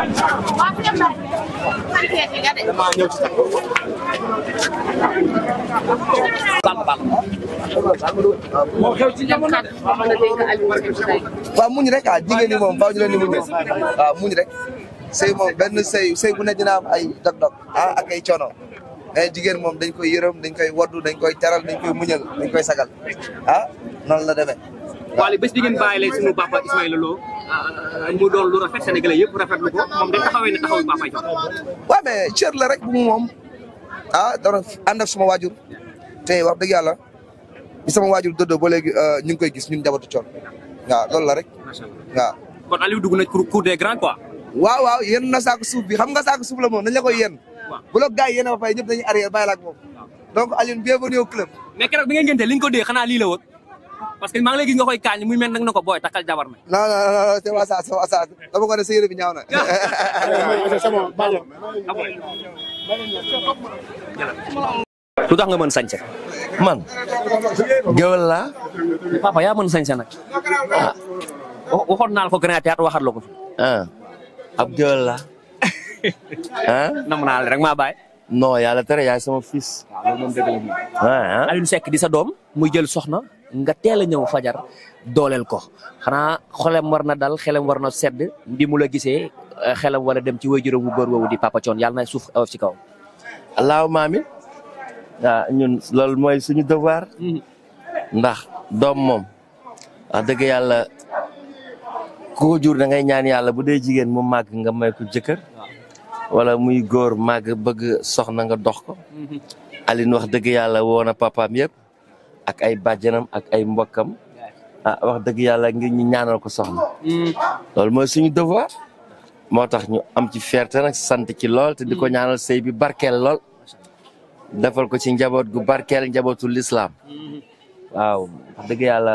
damaa ñëw muñ rek a ah, jigéen ñi moom faaw ñu leen di muñee muñ rek sëy moom benn sëy sëy bu ne dina am ay dog-dog ah ak ay coono mais eh, jigéen moom dañ koy yërëm dañ koy woddu dañ koy taral dañ koy muñal dañ koy sagal ah noonu la demee. Wally bés bi ngeen bàyyi lay suñu papa Ismaïla Lo ah, mu doon lu rafet Sénégalais yëpp rafet ko moom dañ taxawee ne taxawu papa yi. waaw mais la rek bu mu moom ah dara ànd ak suma waajur te wax dëgg yàlla bi sama waajur dëddoo ba léegi euh, ñu ngi koy gis ñun njabootu coon waaw loolu la rek. macha allah waaw. kon Aliou na cour des grands quoi. waaw na saako suuf bi xam nga saako suuf la moom nañ la koy yéen. waaw bu la gars yi a ba fay ñëpp dañuy arrière bàyyi la ak moom. ko dee xanaa lii woon parce que maa ngi lay gis nga koy kaañ muy mel nag na ko booy takkal jabar na. non non bi ñaaw na. lu tax nga mën sañse man géwél laa papa yaa mën sañse nag ah waxoon naa la ko Grand Théâtre waxaat la ko fi ah, ab géwél laa ah nam naa rek maa bàyyi non yàlla tere yaay sama fils waaw loolu di sa doom muy jël soxna nga teel a ñëw fajar dooleel ko xanaa xolam war na dal xelam war na sedd bi mu la gisee eh, xelam war a dem ci waajuram wu góor woowu di Papa yàlla na suuf awof ci kaw allahumma amin waaw ah, ñun loolu mooy suñu devoir mm-hmm. doom moom dëgg yàlla ku jur da ngay ñaan yàlla bu dee jigéen mu màgg nga may ko wala muy góor màgg bëgg soxna nga dox ko mm-hmm. Aline wax dëgg yàlla woon na papaam yëpp ak ay bàjjanam ak ay mbokkam ah wax dëgg yàlla ngir ñu ñaanal ko soxna hmm. loolu mooy suñu devoir moo tax ñu am ci fierté nag sant ci lool te di ko hmm. ñaanal sëy bi barkeel lool defal ko ci njaboot gu barkel njabootu lislaam hmm. waaw dëgg yàlla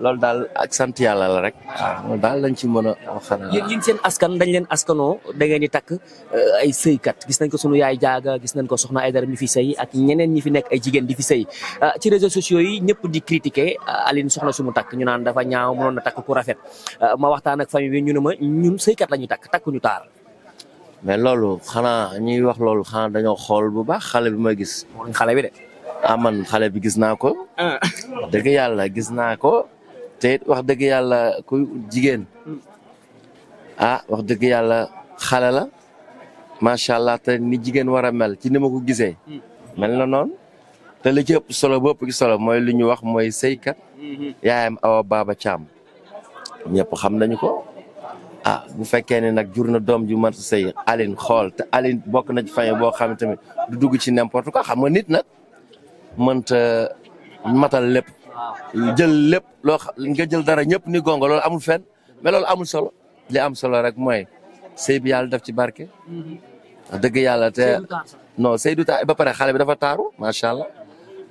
loolu daal ak sant yàlla la rek. waaw loolu daal lañ ci mën a wax. yéen seen askan dañ leen askanoo da ngeen di takk eh, ay sëykat gis nañ ko sunu yaay jaaga gis nañ ko soxna Aïdara mi fi sëy ak ñeneen ñi fi nekk ay jigéen di fi sëy eh, ci réseaux ñëpp di critiquer eh, Aline soxna su mu takk ñu naan dafa ñaaw mënoon na takk ku rafet ma waxtaan ak famille bi ñu ne ma ñun sëykat la ñuy takk takkuñu taar. mais loolu xanaa ñuy wax loolu xanaa dañoo xool bu baax xale bi ma gis. xale bi de. ah man xale bi gis naa ko. Ah. dëgg yàlla gis naa ko. te wax dëgg yàlla ku jigéen ah wax dëgg yàlla xale la macha allah te ni jigéen war a mel ci ni ma ko gisee. mel na noonu te li solo bëpp gi solo mooy lu ñu wax mooy sëykat yaayam Awa Baba Thiam ñëpp xam nañu ko. ah bu fekkee ne nag jur na doom ju mën sëy Aline xool te Aline bokk na fay fañ boo xam ne tamit du dugg ci n'importe ko xam a nit na mënta matal lépp. jël lépp loo nga jël dara ñëpp ni gongo loolu amul fenn mais loolu amul solo li am solo rek mooy sëy bi yàlla def ci barke. wax dëgg yàlla te non sëy du taar ba pare xale bi dafa taaru macha allah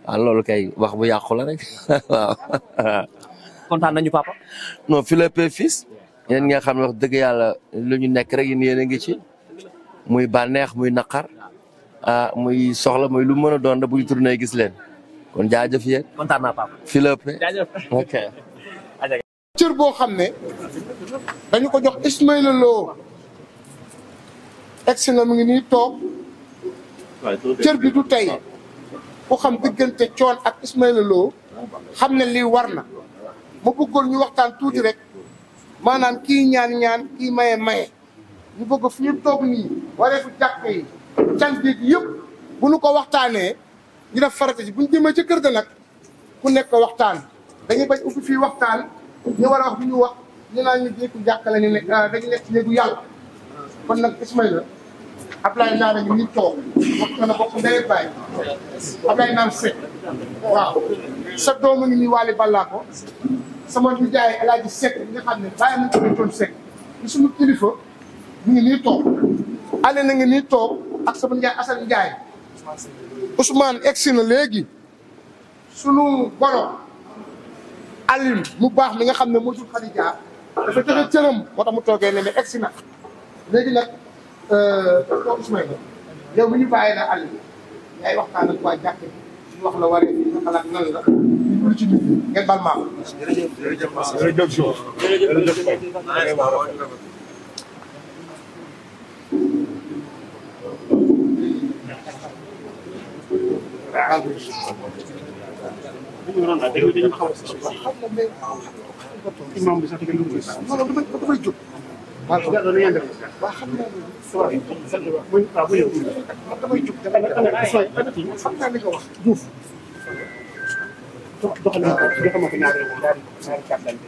waaw ah, loolu kay wax bu yàqu la rek waaw. kontaan nañu papa. non Philippe Pé nga xam ne dëgg yàlla lu ñu nekk rek yéen a ngi ci muy bànneex muy naqar ah, muy soxla muy lu mën a doon da bu na tourné gis leen. o jaajëf yéen. kontaan naa Pape. Philippe. jaajëf ok. cër boo xam ne dañu ko jox Ismaïla loo egsi na mu ngi nii toog cër bi du tey ku xam diggante coon ak Ismaïla loo xam ne lii war na ma bëggoon ñu waxtaan tuuti rek maanaam ki ñaan-ñaan kii maye maye ñu bëgg fi toog nii waree fu jàkk yi cant bi yëpp bu nu ko waxtaanee ñu def farata ji bu ñu jëmee ci kër ga nag ku nekk waxtaan dañuy bañ ubbi fi waxtaan ñu war a wax bi ñu wax ñu naan ñu jékku jàkkale ñu ne ah, dañu nekk néegu yàlla ñu ngi toog waxtaan ak bokk ndey ak baay Ablaye Naar Seck waaw sa doomu ngi nii Waly sama nijaay El Hadj Seck bi nga xam ne bàyyi nañ ko doon Seck ñu suñu kilifa ñu ngi nii toog ale na ngi nii toog ak sama nijaay Assane Ndiaye Ousmane egsi na léegi sunu borom alim mu baax mi nga xam ne moo jur Khadija te joxe cëram moo tax mu toogee ne mais egsi na léegi nag doo euh, Ousmane yow mi ñu bàyyi la waxtaan ak waa jàkk wax la waree bi nga xalaat nan la ñu imam bi sax dëgg lu gis non non dafay jóg waaw xam nga def waaw xam naa ne waaw bu damay jóg xam naa li nga wax Diouf dox doxal nañ ko joxe ma ko ñaari ñaari kàttan bi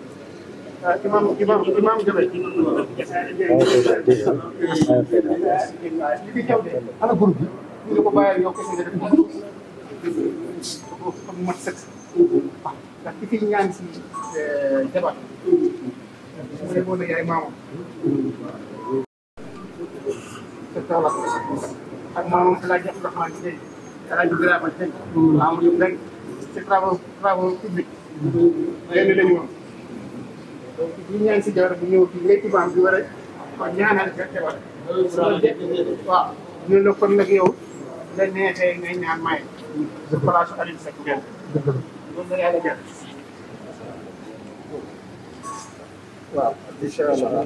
imam imam imam Jalle. ana groupe bi. ñu ngi ko bàyyi yow kese nga def groupe. mat sëkk. ah ndax ki fi ñaan si jabar. mu ne woon yaay maamam. ak maamam El Hadj Abdourahmane Dieng. El Hadj Birama Dieng. maamam yu bëri. ci travaux travaux publics. léegi dañu woon. donc di ñaan si jabar bi ñëw fii léegi baam bi war a ko ñaanal sa jabar. waaw ñu ñaan maye. je place Alioune Seck benn. waaw incha allah.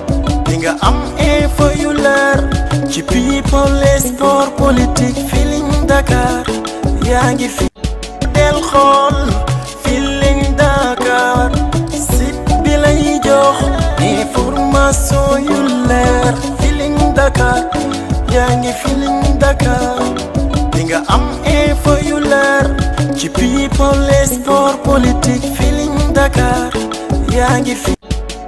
di nga am info yu leer ci people et sport politique Feeling Dakar yaa bi lay jox information yu Dakar yaa ngi Dakar di am info yu ci people et sport politique Feeling Dakar yaa